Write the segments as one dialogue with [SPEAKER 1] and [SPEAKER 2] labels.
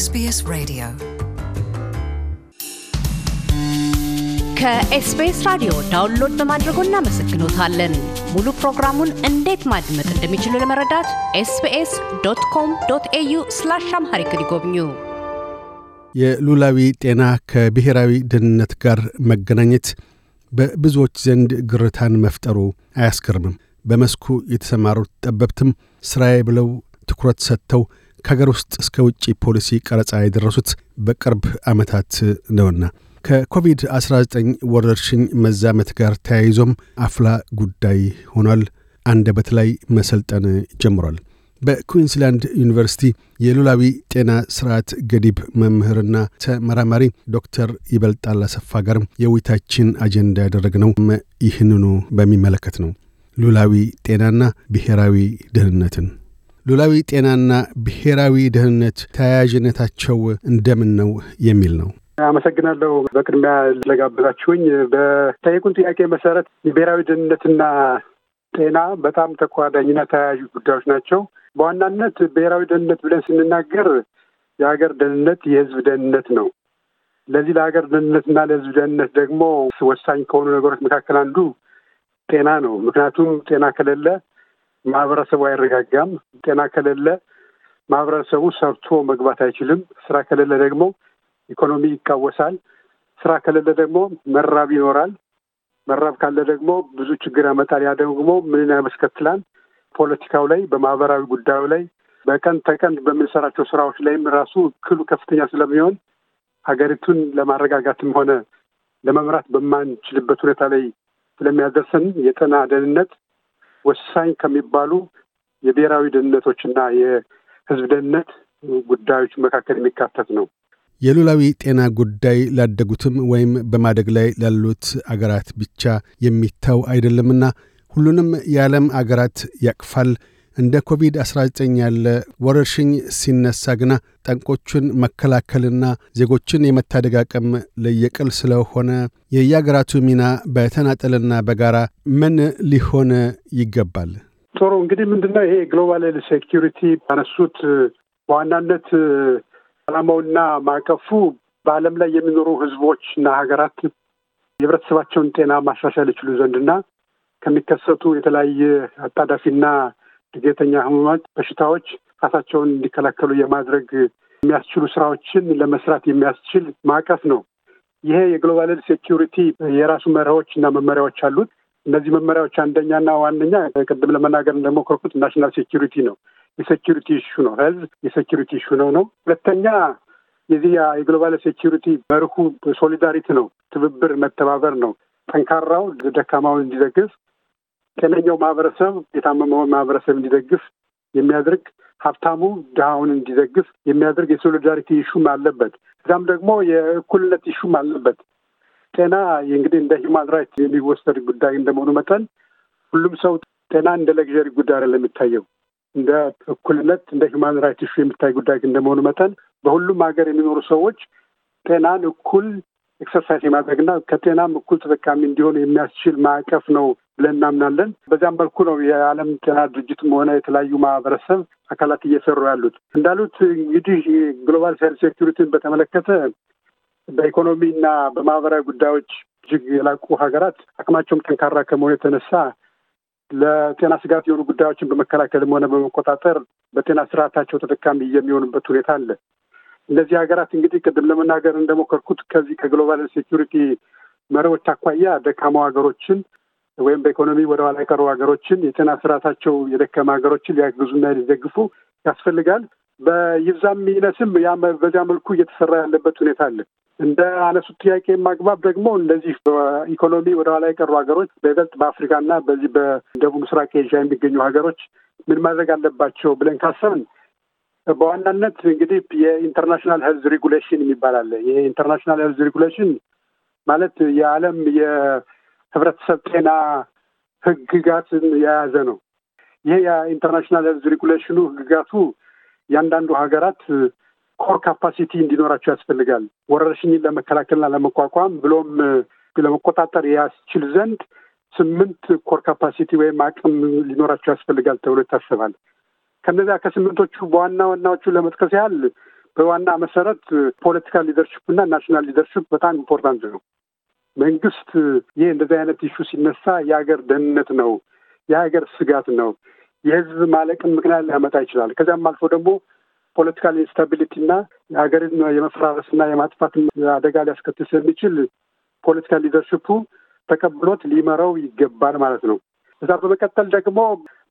[SPEAKER 1] ኤስቢኤስ Radio
[SPEAKER 2] ከኤስቢኤስ ራዲዮ ዳውንሎድ በማድረጎ እናመሰግኖታለን። ሙሉ ፕሮግራሙን እንዴት ማድመጥ እንደሚችሉ ለመረዳት ኤስቢኤስ ዶት ኮም ዶት ኤዩ ስላሽ አምሃሪክ ይጎብኙ። የሉላዊ ጤና ከብሔራዊ ደህንነት ጋር መገናኘት በብዙዎች ዘንድ ግርታን መፍጠሩ አያስገርምም። በመስኩ የተሰማሩት ጠበብትም ስራዬ ብለው ትኩረት ሰጥተው ከሀገር ውስጥ እስከ ውጭ ፖሊሲ ቀረጻ የደረሱት በቅርብ ዓመታት ነውና ከኮቪድ-19 ወረርሽኝ መዛመት ጋር ተያይዞም አፍላ ጉዳይ ሆኗል። አንደበት ላይ መሰልጠን ጀምሯል። በኩዊንስላንድ ዩኒቨርሲቲ የሉላዊ ጤና ስርዓት ገዲብ መምህርና ተመራማሪ ዶክተር ይበልጣል አሰፋ ጋርም የውይይታችን አጀንዳ ያደረግነው ይህንኑ በሚመለከት ነው። ሉላዊ ጤናና ብሔራዊ ደህንነትን ሉላዊ ጤናና ብሔራዊ ደህንነት ተያያዥነታቸው እንደምን ነው የሚል ነው።
[SPEAKER 1] አመሰግናለሁ። በቅድሚያ ስለጋበዛችሁኝ በጠየቁን ጥያቄ መሰረት ብሔራዊ ደህንነትና ጤና በጣም ተኳዳኝና ተያያዥ ጉዳዮች ናቸው። በዋናነት ብሔራዊ ደህንነት ብለን ስንናገር የሀገር ደህንነት የህዝብ ደህንነት ነው። ለዚህ ለሀገር ደህንነትና ለህዝብ ደህንነት ደግሞ ወሳኝ ከሆኑ ነገሮች መካከል አንዱ ጤና ነው። ምክንያቱም ጤና ከሌለ ማህበረሰቡ አይረጋጋም። ጤና ከሌለ ማህበረሰቡ ሰርቶ መግባት አይችልም። ስራ ከሌለ ደግሞ ኢኮኖሚ ይቃወሳል። ስራ ከሌለ ደግሞ መራብ ይኖራል። መራብ ካለ ደግሞ ብዙ ችግር ያመጣል። ያ ደግሞ ምንን ያመስከትላል? ፖለቲካው ላይ፣ በማህበራዊ ጉዳዩ ላይ፣ በቀን ተቀን በምንሰራቸው ስራዎች ላይም ራሱ እክሉ ከፍተኛ ስለሚሆን ሀገሪቱን ለማረጋጋትም ሆነ ለመምራት በማንችልበት ሁኔታ ላይ ስለሚያደርሰን የጤና ደህንነት ወሳኝ ከሚባሉ የብሔራዊ ደህንነቶችና የህዝብ ደህንነት ጉዳዮች መካከል የሚካተት
[SPEAKER 2] ነው። የሉላዊ ጤና ጉዳይ ላደጉትም ወይም በማደግ ላይ ላሉት አገራት ብቻ የሚታው አይደለምና ሁሉንም የዓለም አገራት ያቅፋል። እንደ ኮቪድ-19 ያለ ወረርሽኝ ሲነሳ ግና ጠንቆቹን መከላከልና ዜጎችን የመታደግ አቅም ለየቅል ስለሆነ የየአገራቱ ሚና በተናጠልና በጋራ ምን ሊሆን ይገባል?
[SPEAKER 1] ጥሩ እንግዲህ ምንድነው ይሄ ግሎባል ሴኪሪቲ ያነሱት በዋናነት አላማውና ማዕቀፉ በዓለም ላይ የሚኖሩ ህዝቦች እና ሀገራት የህብረተሰባቸውን ጤና ማሻሻል ይችሉ ዘንድና ከሚከሰቱ የተለያየ አጣዳፊና ጊዜተኛ ህሙማት በሽታዎች ራሳቸውን እንዲከላከሉ የማድረግ የሚያስችሉ ስራዎችን ለመስራት የሚያስችል ማዕቀፍ ነው። ይሄ የግሎባል ሴኪሪቲ የራሱ መርሆች እና መመሪያዎች አሉት። እነዚህ መመሪያዎች አንደኛና ዋነኛ ቅድም ለመናገር እንደሞከርኩት ናሽናል ሴኪሪቲ ነው። የሴኪሪቲ ኢሹ ነው። ህዝብ የሴኪሪቲ ኢሹ ነው ነው ሁለተኛ የዚህ የግሎባል ሴኪሪቲ መርሁ ሶሊዳሪቲ ነው። ትብብር መተባበር ነው። ጠንካራው ደካማውን እንዲደግፍ ጤነኛው ማህበረሰብ የታመመውን ማህበረሰብ እንዲደግፍ የሚያደርግ ሀብታሙ ድሃውን እንዲደግፍ የሚያደርግ የሶሊዳሪቲ ኢሹም አለበት። እዛም ደግሞ የእኩልነት ኢሹም አለበት። ጤና እንግዲህ እንደ ሂማን ራይት የሚወሰድ ጉዳይ እንደመሆኑ መጠን ሁሉም ሰው ጤና እንደ ለግዠሪ ጉዳይ አይደለም የሚታየው እንደ እኩልነት እንደ ሂማን ራይት ኢሹ የሚታይ ጉዳይ እንደመሆኑ መጠን በሁሉም ሀገር የሚኖሩ ሰዎች ጤናን እኩል ኤክሰርሳይዝ የማድረግና ከጤናም እኩል ተጠቃሚ እንዲሆኑ የሚያስችል ማዕቀፍ ነው ብለን እናምናለን። በዚያም መልኩ ነው የዓለም ጤና ድርጅትም ሆነ የተለያዩ ማህበረሰብ አካላት እየሰሩ ያሉት። እንዳሉት እንግዲህ ግሎባል ሄልዝ ሴኩሪቲን በተመለከተ በኢኮኖሚና በማህበራዊ ጉዳዮች እጅግ የላቁ ሀገራት አቅማቸውም ጠንካራ ከመሆኑ የተነሳ ለጤና ስጋት የሆኑ ጉዳዮችን በመከላከልም ሆነ በመቆጣጠር በጤና ስርዓታቸው ተጠቃሚ የሚሆኑበት ሁኔታ አለ። እነዚህ ሀገራት እንግዲህ ቅድም ለመናገር እንደሞከርኩት ከዚህ ከግሎባል ሴኪሪቲ መሪዎች አኳያ ደካማው ሀገሮችን ወይም በኢኮኖሚ ወደኋላ የቀሩ ሀገሮችን የጤና ስርዓታቸው የደከመ ሀገሮችን ሊያግዙና ሊደግፉ ያስፈልጋል። በይብዛም ይነስም በዚያ መልኩ እየተሰራ ያለበት ሁኔታ አለ። እንደ አነሱት ጥያቄ ማግባብ ደግሞ እንደዚህ በኢኮኖሚ ወደኋላ የቀሩ ሀገሮች በይበልጥ በአፍሪካና በዚህ በደቡብ ምስራቅ ኤዥያ የሚገኙ ሀገሮች ምን ማድረግ አለባቸው ብለን ካሰብን በዋናነት እንግዲህ የኢንተርናሽናል ሄልዝ ሬጉሌሽን የሚባል አለ። ይሄ ኢንተርናሽናል ሄልዝ ሬጉሌሽን ማለት የዓለም የህብረተሰብ ጤና ህግጋትን የያዘ ነው። ይሄ የኢንተርናሽናል ሄልዝ ሬጉሌሽኑ ህግጋቱ የአንዳንዱ ሀገራት ኮር ካፓሲቲ እንዲኖራቸው ያስፈልጋል። ወረርሽኝን ለመከላከልና ለመቋቋም ብሎም ለመቆጣጠር ያስችል ዘንድ ስምንት ኮር ካፓሲቲ ወይም አቅም ሊኖራቸው ያስፈልጋል ተብሎ ይታሰባል። ከነዚያ ከስምንቶቹ በዋና ዋናዎቹ ለመጥቀስ ያህል በዋና መሰረት ፖለቲካል ሊደርሽፕ እና ናሽናል ሊደርሽፕ በጣም ኢምፖርታንት ነው። መንግስት ይህ እንደዚህ አይነት ኢሹ ሲነሳ የሀገር ደህንነት ነው፣ የሀገር ስጋት ነው፣ የህዝብ ማለቅን ምክንያት ሊያመጣ ይችላል። ከዚያም አልፎ ደግሞ ፖለቲካል ኢንስታቢሊቲ እና የመፈራረስ የመፈራረስና የማጥፋት አደጋ ሊያስከትል ስለሚችል ፖለቲካል ሊደርሽፑ ተቀብሎት ሊመራው ይገባል ማለት ነው። እዛ በመቀጠል ደግሞ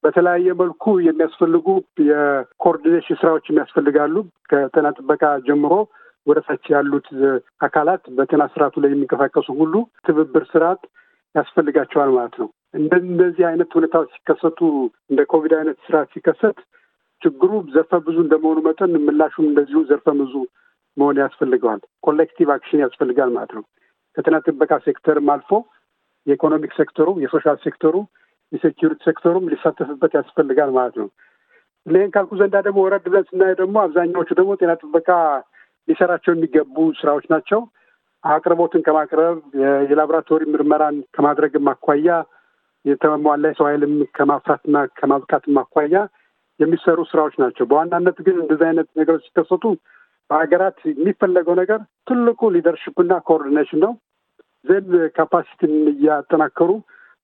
[SPEAKER 1] በተለያየ መልኩ የሚያስፈልጉ የኮኦርዲኔሽን ስራዎች የሚያስፈልጋሉ። ከጤና ጥበቃ ጀምሮ ወደ ያሉት አካላት በጤና ስርዓቱ ላይ የሚንቀሳቀሱ ሁሉ ትብብር ስርዓት ያስፈልጋቸዋል ማለት ነው። እንደነዚህ አይነት ሁኔታዎች ሲከሰቱ እንደ ኮቪድ አይነት ስርዓት ሲከሰት ችግሩ ዘርፈ ብዙ እንደመሆኑ መጠን ምላሹም እንደዚሁ ዘርፈ ብዙ መሆን ያስፈልገዋል። ኮሌክቲቭ አክሽን ያስፈልጋል ማለት ነው። ከጤና ጥበቃ ሴክተርም አልፎ የኢኮኖሚክ ሴክተሩ፣ የሶሻል ሴክተሩ የሴኪሪቲ ሴክተሩም ሊሳተፍበት ያስፈልጋል ማለት ነው። ይህን ካልኩ ዘንዳ ደግሞ ወረድ ብለን ስናየ ደግሞ አብዛኛዎቹ ደግሞ ጤና ጥበቃ ሊሰራቸው የሚገቡ ስራዎች ናቸው። አቅርቦትን ከማቅረብ የላቦራቶሪ ምርመራን ከማድረግም አኳያ የተሟላ የሰው ኃይልም ከማፍራትና ከማብቃትም አኳያ የሚሰሩ ስራዎች ናቸው። በዋናነት ግን እንደዚህ አይነት ነገሮች ሲከሰቱ በሀገራት የሚፈለገው ነገር ትልቁ ሊደርሽፕና ኮኦርዲኔሽን ነው። ዜን ካፓሲቲን እያጠናከሩ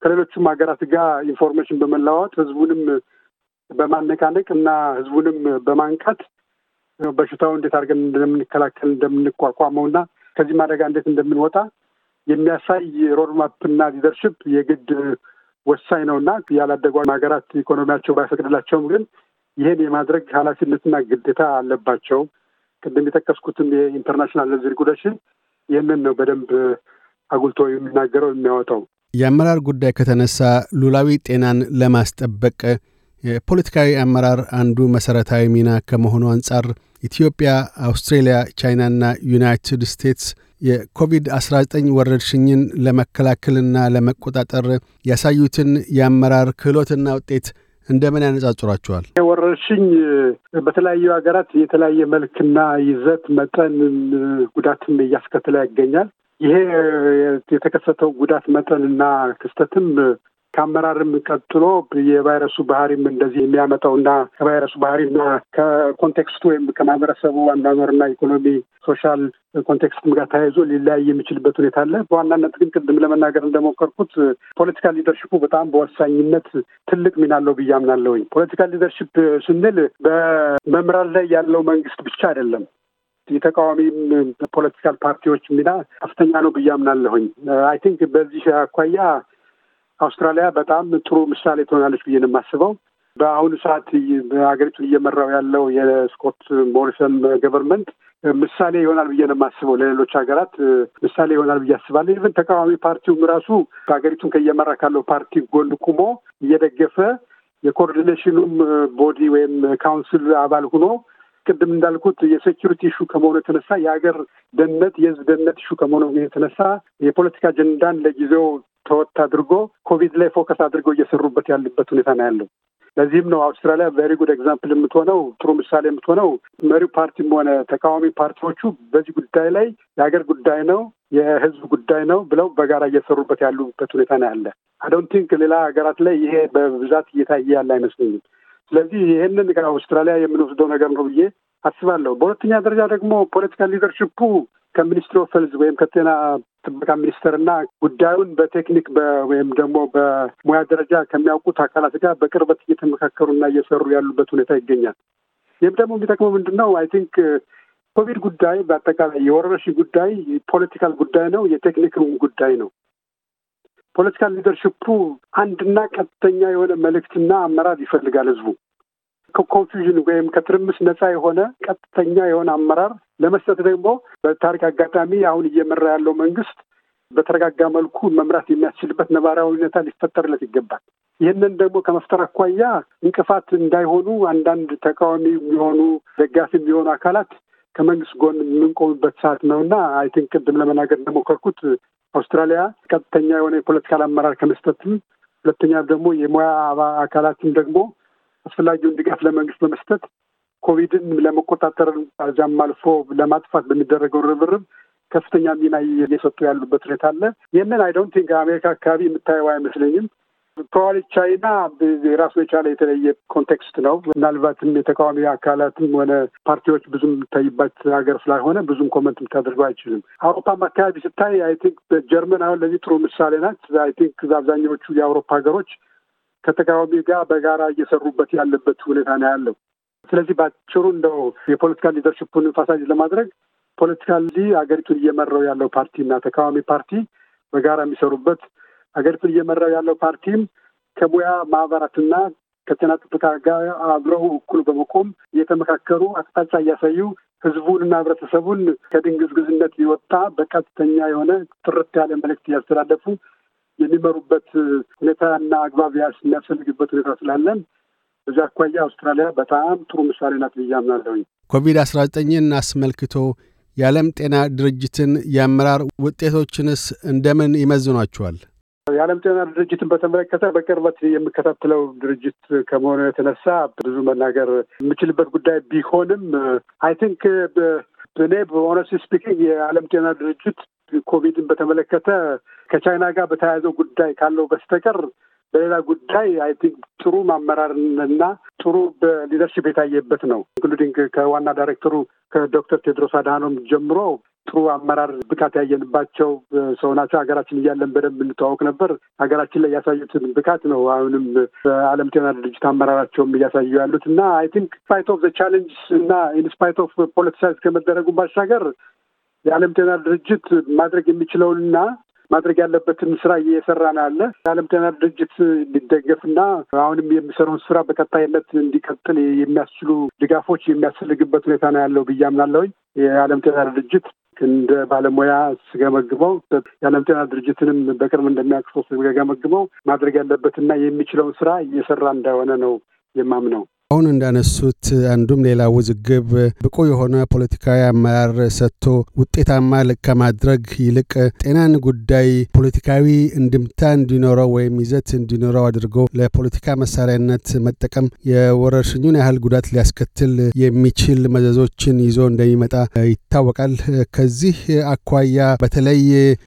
[SPEAKER 1] ከሌሎችም ሀገራት ጋር ኢንፎርሜሽን በመለዋወጥ ህዝቡንም በማነቃነቅ እና ህዝቡንም በማንቃት በሽታው እንዴት አድርገን እንደምንከላከል እንደምንቋቋመው እና ከዚህም አደጋ እንዴት እንደምንወጣ የሚያሳይ ሮድማፕ እና ሊደርሽፕ የግድ ወሳኝ ነው እና ያላደጉ ሀገራት ኢኮኖሚያቸው ባይፈቅድላቸውም ግን ይህን የማድረግ ኃላፊነትና ግዴታ አለባቸው። ቅድም የጠቀስኩትም የኢንተርናሽናል ሬጉሌሽን ይህንን ነው በደንብ አጉልቶ የሚናገረው የሚያወጣው።
[SPEAKER 2] የአመራር ጉዳይ ከተነሳ ሉላዊ ጤናን ለማስጠበቅ የፖለቲካዊ አመራር አንዱ መሠረታዊ ሚና ከመሆኑ አንጻር ኢትዮጵያ፣ አውስትሬልያ፣ ቻይናና ዩናይትድ ስቴትስ የኮቪድ-19 ወረርሽኝን ለመከላከልና ለመቆጣጠር ያሳዩትን የአመራር ክህሎትና ውጤት እንደምን ያነጻጽሯቸዋል?
[SPEAKER 1] ወረርሽኝ በተለያዩ ሀገራት የተለያየ መልክና ይዘት፣ መጠን፣ ጉዳትም እያስከተለ ይገኛል። ይሄ የተከሰተው ጉዳት መጠንና ክስተትም ከአመራርም ቀጥሎ የቫይረሱ ባህሪም እንደዚህ የሚያመጣውና ከቫይረሱ ባህሪና ከኮንቴክስቱ ወይም ከማህበረሰቡ አኗኗርና ኢኮኖሚ ሶሻል ኮንቴክስትም ጋር ተያይዞ ሊለያይ የሚችልበት ሁኔታ አለ። በዋናነት ግን ቅድም ለመናገር እንደሞከርኩት ፖለቲካል ሊደርሽፑ በጣም በወሳኝነት ትልቅ ሚና አለው ብዬ አምናለሁኝ። ፖለቲካል ሊደርሽፕ ስንል በመምራት ላይ ያለው መንግስት ብቻ አይደለም። የተቃዋሚም ፖለቲካል ፓርቲዎች ሚና ከፍተኛ ነው ብዬ አምናለሁኝ። አይ ቲንክ በዚህ አኳያ አውስትራሊያ በጣም ጥሩ ምሳሌ ትሆናለች ብዬ ነው የማስበው። በአሁኑ ሰዓት ሀገሪቱን እየመራው ያለው የስኮት ሞሪሰን ገቨርንመንት ምሳሌ ይሆናል ብዬ ነው የማስበው። ለሌሎች ሀገራት ምሳሌ ይሆናል ብዬ አስባለሁ። ኢቨን ተቃዋሚ ፓርቲውም ራሱ በሀገሪቱን ከየመራ ካለው ፓርቲ ጎን ቁሞ እየደገፈ የኮኦርዲኔሽኑም ቦዲ ወይም ካውንስል አባል ሆኖ ቅድም እንዳልኩት የሴኪሪቲ ኢሹ ከመሆኑ የተነሳ የሀገር ደህንነት የህዝብ ደህንነት ኢሹ ከመሆኑ የተነሳ የፖለቲካ አጀንዳን ለጊዜው ተወት አድርጎ ኮቪድ ላይ ፎከስ አድርገው እየሰሩበት ያሉበት ሁኔታ ነው ያለው። ለዚህም ነው አውስትራሊያ ቬሪ ጉድ ኤግዛምፕል የምትሆነው ጥሩ ምሳሌ የምትሆነው መሪው ፓርቲም ሆነ ተቃዋሚ ፓርቲዎቹ በዚህ ጉዳይ ላይ የሀገር ጉዳይ ነው፣ የህዝብ ጉዳይ ነው ብለው በጋራ እየሰሩበት ያሉበት ሁኔታ ነው ያለ። አይ ዶንት ቲንክ ሌላ ሀገራት ላይ ይሄ በብዛት እየታየ ያለ አይመስለኝም። ስለዚህ ይህንን ከአውስትራሊያ የምንወስደው ነገር ነው ብዬ አስባለሁ። በሁለተኛ ደረጃ ደግሞ ፖለቲካል ሊደርሽፑ ከሚኒስትሪ ኦፍ ሄልዝ ወይም ከጤና ጥበቃ እና ጉዳዩን በቴክኒክ ወይም ደግሞ በሙያ ደረጃ ከሚያውቁት አካላት ጋር በቅርበት እየተመካከሩና እየሰሩ ያሉበት ሁኔታ ይገኛል። ይህም ደግሞ የሚጠቅመው ምንድን ነው? አይ ቲንክ ኮቪድ ጉዳይ በአጠቃላይ የወረርሽኝ ጉዳይ ፖለቲካል ጉዳይ ነው፣ የቴክኒክ ጉዳይ ነው። ፖለቲካል ሊደርሽፑ አንድና ቀጥተኛ የሆነ መልእክትና አመራር ይፈልጋል ህዝቡ ከኮንፊውዥን ወይም ከትርምስ ነፃ የሆነ ቀጥተኛ የሆነ አመራር ለመስጠት ደግሞ በታሪክ አጋጣሚ አሁን እየመራ ያለው መንግስት በተረጋጋ መልኩ መምራት የሚያስችልበት ነባራዊ ሁኔታ ሊፈጠርለት ይገባል። ይህንን ደግሞ ከመፍጠር አኳያ እንቅፋት እንዳይሆኑ አንዳንድ ተቃዋሚ የሚሆኑ ደጋፊ የሚሆኑ አካላት ከመንግስት ጎን የምንቆምበት ሰዓት ነው እና አይ ቲንክ ቅድም ለመናገር እንደሞከርኩት አውስትራሊያ ቀጥተኛ የሆነ የፖለቲካል አመራር ከመስጠትም ሁለተኛ ደግሞ የሙያ አካላትም ደግሞ አስፈላጊውን ድጋፍ ለመንግስት በመስጠት ኮቪድን ለመቆጣጠር እዚያም አልፎ ለማጥፋት በሚደረገው ርብርብ ከፍተኛ ሚና እየሰጡ ያሉበት ሁኔታ አለ። ይህንን አይዶንት ቲንክ አሜሪካ አካባቢ የምታየው አይመስለኝም። ከኋሊት ቻይና ራሱ የቻለ የተለየ ኮንቴክስት ነው። ምናልባትም የተቃዋሚ አካላትም ሆነ ፓርቲዎች ብዙም የሚታይበት ሀገር ስላልሆነ ብዙም ኮመንት ምታደርገ አይችልም። አውሮፓም አካባቢ ስታይ አይ ቲንክ ጀርመን አሁን ለዚህ ጥሩ ምሳሌ ናት። አይ ቲንክ አብዛኛዎቹ የአውሮፓ ሀገሮች ከተቃዋሚ ጋር በጋራ እየሰሩበት ያለበት ሁኔታ ነው ያለው። ስለዚህ በአጭሩ እንደው የፖለቲካል ሊደርሽፑን ፋሳጅ ለማድረግ ፖለቲካሊ ሀገሪቱን እየመራው ያለው ፓርቲ እና ተቃዋሚ ፓርቲ በጋራ የሚሰሩበት ሀገሪቱን እየመራው ያለው ፓርቲም ከሙያ ማህበራትና ከጤና ጥበቃ ጋር አብረው እኩል በመቆም እየተመካከሩ አቅጣጫ እያሳዩ ህዝቡንና ህብረተሰቡን ከድንግዝግዝነት ይወጣ በቀጥተኛ የሆነ ጥርት ያለ መልእክት እያስተላለፉ የሚመሩበት ሁኔታና አግባብ የሚያስፈልግበት ሁኔታ ስላለን በዚህ አኳያ አውስትራሊያ በጣም ጥሩ ምሳሌ ናት ብዬ አምናለሁኝ።
[SPEAKER 2] ኮቪድ አስራ ዘጠኝን አስመልክቶ የዓለም ጤና ድርጅትን የአመራር ውጤቶችንስ እንደምን ይመዝኗቸዋል?
[SPEAKER 1] የዓለም ጤና ድርጅትን በተመለከተ በቅርበት የምከታተለው ድርጅት ከመሆኑ የተነሳ ብዙ መናገር የምችልበት ጉዳይ ቢሆንም አይ ቲንክ እኔ በሆነስት ስፒኪንግ የዓለም ጤና ድርጅት ኮቪድን በተመለከተ ከቻይና ጋር በተያያዘው ጉዳይ ካለው በስተቀር በሌላ ጉዳይ አይ ቲንክ ጥሩ ማመራርንና ጥሩ በሊደርሽፕ የታየበት ነው ኢንክሉዲንግ ከዋና ዳይሬክተሩ ከዶክተር ቴድሮስ አድሃኖም ጀምሮ ጥሩ አመራር ብቃት ያየንባቸው ሰው ናቸው። ሀገራችን እያለን በደንብ እንተዋወቅ ነበር። ሀገራችን ላይ ያሳዩትን ብቃት ነው አሁንም በዓለም ጤና ድርጅት አመራራቸውም እያሳዩ ያሉት እና አይ ቲንክ ስፓይት ኦፍ ዘ ቻሌንጅ እና ኢንስፓይት ኦፍ ፖለቲሳይዝ ከመደረጉ ባሻገር የዓለም ጤና ድርጅት ማድረግ የሚችለውንና ማድረግ ያለበትን ስራ እየሰራ ነው ያለ። የዓለም ጤና ድርጅት እንዲደገፍና አሁንም የሚሰራውን ስራ በቀጣይነት እንዲቀጥል የሚያስችሉ ድጋፎች የሚያስፈልግበት ሁኔታ ነው ያለው ብዬ አምናለሁኝ። የዓለም ጤና ድርጅት እንደ ባለሙያ ስገመግመው የዓለም ጤና ድርጅትንም በቅርብ እንደሚያውቅ ስገመግመው ማድረግ ያለበትና የሚችለውን ስራ እየሰራ እንደሆነ ነው
[SPEAKER 2] የማምነው። አሁን እንዳነሱት አንዱም ሌላ ውዝግብ ብቁ የሆነ ፖለቲካዊ አመራር ሰጥቶ ውጤታማ ከማድረግ ይልቅ ጤናን ጉዳይ ፖለቲካዊ እንድምታ እንዲኖረው ወይም ይዘት እንዲኖረው አድርጎ ለፖለቲካ መሳሪያነት መጠቀም የወረርሽኙን ያህል ጉዳት ሊያስከትል የሚችል መዘዞችን ይዞ እንደሚመጣ ይታወቃል። ከዚህ አኳያ በተለይ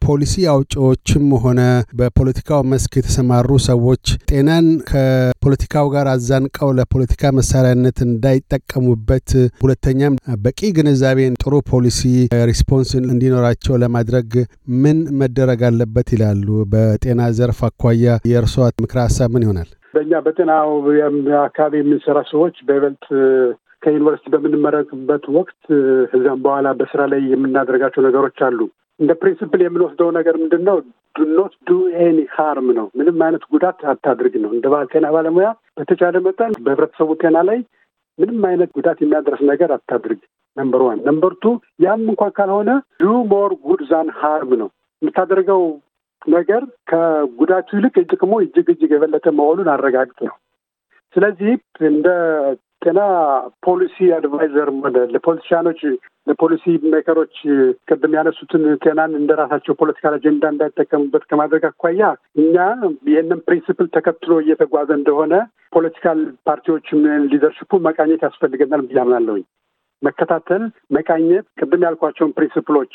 [SPEAKER 2] ፖሊሲ አውጪዎችም ሆነ በፖለቲካው መስክ የተሰማሩ ሰዎች ጤናን ከፖለቲካው ጋር አዛንቀው ለፖለቲካ መሳሪያነት እንዳይጠቀሙበት፣ ሁለተኛም በቂ ግንዛቤን፣ ጥሩ ፖሊሲ ሪስፖንስ እንዲኖራቸው ለማድረግ ምን መደረግ አለበት ይላሉ? በጤና ዘርፍ አኳያ የእርሷ ምክረ ሀሳብ ምን ይሆናል?
[SPEAKER 1] በእኛ በጤናው አካባቢ የምንሰራ ሰዎች በይበልጥ ከዩኒቨርሲቲ በምንመረቅበት ወቅት ከዚያም በኋላ በስራ ላይ የምናደርጋቸው ነገሮች አሉ። እንደ ፕሪንስፕል የምንወስደው ነገር ምንድን ነው? ዱኖት ዱ ኤኒ ሃርም ነው። ምንም አይነት ጉዳት አታድርግ ነው። እንደ ባህል ባለሙያ በተቻለ መጠን በህብረተሰቡ ጤና ላይ ምንም አይነት ጉዳት የሚያደርስ ነገር አታድርግ፣ ነምበር ዋን። ነምበር ቱ ያም እንኳን ካልሆነ ዱ ሞር ጉድ ዛን ሃርም ነው። የምታደርገው ነገር ከጉዳቱ ይልቅ ጥቅሙ እጅግ እጅግ የበለጠ መሆኑን አረጋግጥ ነው። ስለዚህ እንደ ጤና ፖሊሲ አድቫይዘር ለፖለቲሻኖች ለፖሊሲ ሜከሮች ቅድም ያነሱትን ጤናን እንደራሳቸው ፖለቲካል አጀንዳ እንዳይጠቀሙበት ከማድረግ አኳያ እኛ ይህንን ፕሪንስፕል ተከትሎ እየተጓዘ እንደሆነ ፖለቲካል ፓርቲዎችም ሊደርሽፑ መቃኘት ያስፈልገናል ብዬ መከታተል፣ መቃኘት ቅድም ያልኳቸውን ፕሪንስፕሎች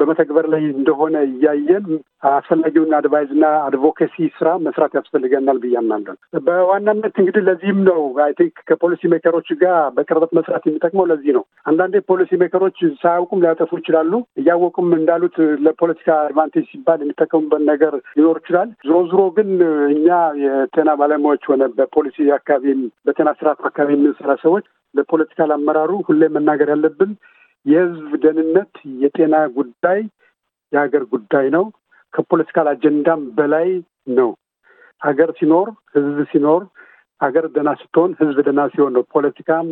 [SPEAKER 1] በመተግበር ላይ እንደሆነ እያየን አስፈላጊውን አድቫይዝና አድቮኬሲ ስራ መስራት ያስፈልገናል ብያምናለን። በዋናነት እንግዲህ ለዚህም ነው አይ ቲንክ ከፖሊሲ ሜከሮች ጋር በቅርበት መስራት የሚጠቅመው ለዚህ ነው። አንዳንዴ ፖሊሲ ሜከሮች ሳያውቁም ሊያጠፉ ይችላሉ። እያወቁም እንዳሉት ለፖለቲካ አድቫንቴጅ ሲባል የሚጠቀሙበት ነገር ሊኖር ይችላል። ዞሮ ዞሮ ግን እኛ የጤና ባለሙያዎች ሆነ በፖሊሲ አካባቢ በጤና ስርዓቱ አካባቢ የምንሰራ ሰዎች ለፖለቲካ ለአመራሩ ሁሌ መናገር ያለብን የህዝብ ደህንነት የጤና ጉዳይ የሀገር ጉዳይ ነው። ከፖለቲካል አጀንዳም በላይ ነው። ሀገር ሲኖር ህዝብ ሲኖር ሀገር ደህና ስትሆን ህዝብ ደህና ሲሆን ነው ፖለቲካም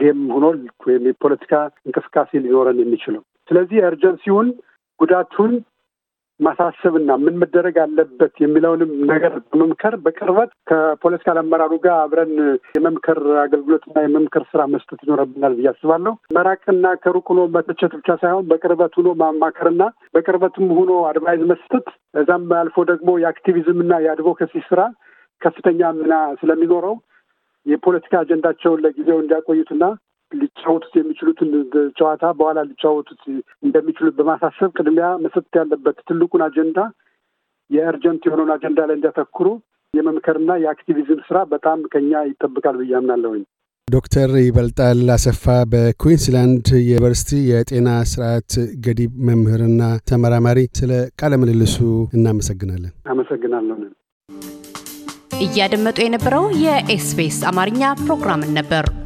[SPEAKER 1] ጌም ሆኖ ወይም የፖለቲካ እንቅስቃሴ ሊኖረን የሚችለው። ስለዚህ ኤርጀንሲውን ጉዳቱን ማሳሰብና ምን መደረግ አለበት የሚለውንም ነገር በመምከር በቅርበት ከፖለቲካል አመራሩ ጋር አብረን የመምከር አገልግሎትና የመምከር ስራ መስጠት ይኖረብናል ብዬ አስባለሁ። መራቅና ከሩቅ ሆኖ መተቸት ብቻ ሳይሆን በቅርበት ሆኖ ማማከርና በቅርበትም ሆኖ አድቫይዝ መስጠት እዛም አልፎ ደግሞ የአክቲቪዝምና የአድቮኬሲ ስራ ከፍተኛ ሚና ስለሚኖረው የፖለቲካ አጀንዳቸውን ለጊዜው እንዲያቆዩትና ሊጫወቱት የሚችሉትን ጨዋታ በኋላ ሊጫወቱት እንደሚችሉት በማሳሰብ ቅድሚያ መሰጠት ያለበት ትልቁን አጀንዳ የእርጀንት የሆነውን አጀንዳ ላይ እንዲያተኩሩ የመምከርና የአክቲቪዝም ስራ በጣም ከኛ ይጠብቃል ብዬ አምናለሁኝ።
[SPEAKER 2] ዶክተር ይበልጣል አሰፋ በኩዊንስላንድ ዩኒቨርሲቲ የጤና ስርዓት ገዲብ መምህርና ተመራማሪ፣ ስለ ቃለ ምልልሱ እናመሰግናለን።
[SPEAKER 1] አመሰግናለሁ።
[SPEAKER 2] እያደመጡ የነበረው የኤስቢኤስ አማርኛ ፕሮግራምን ነበር።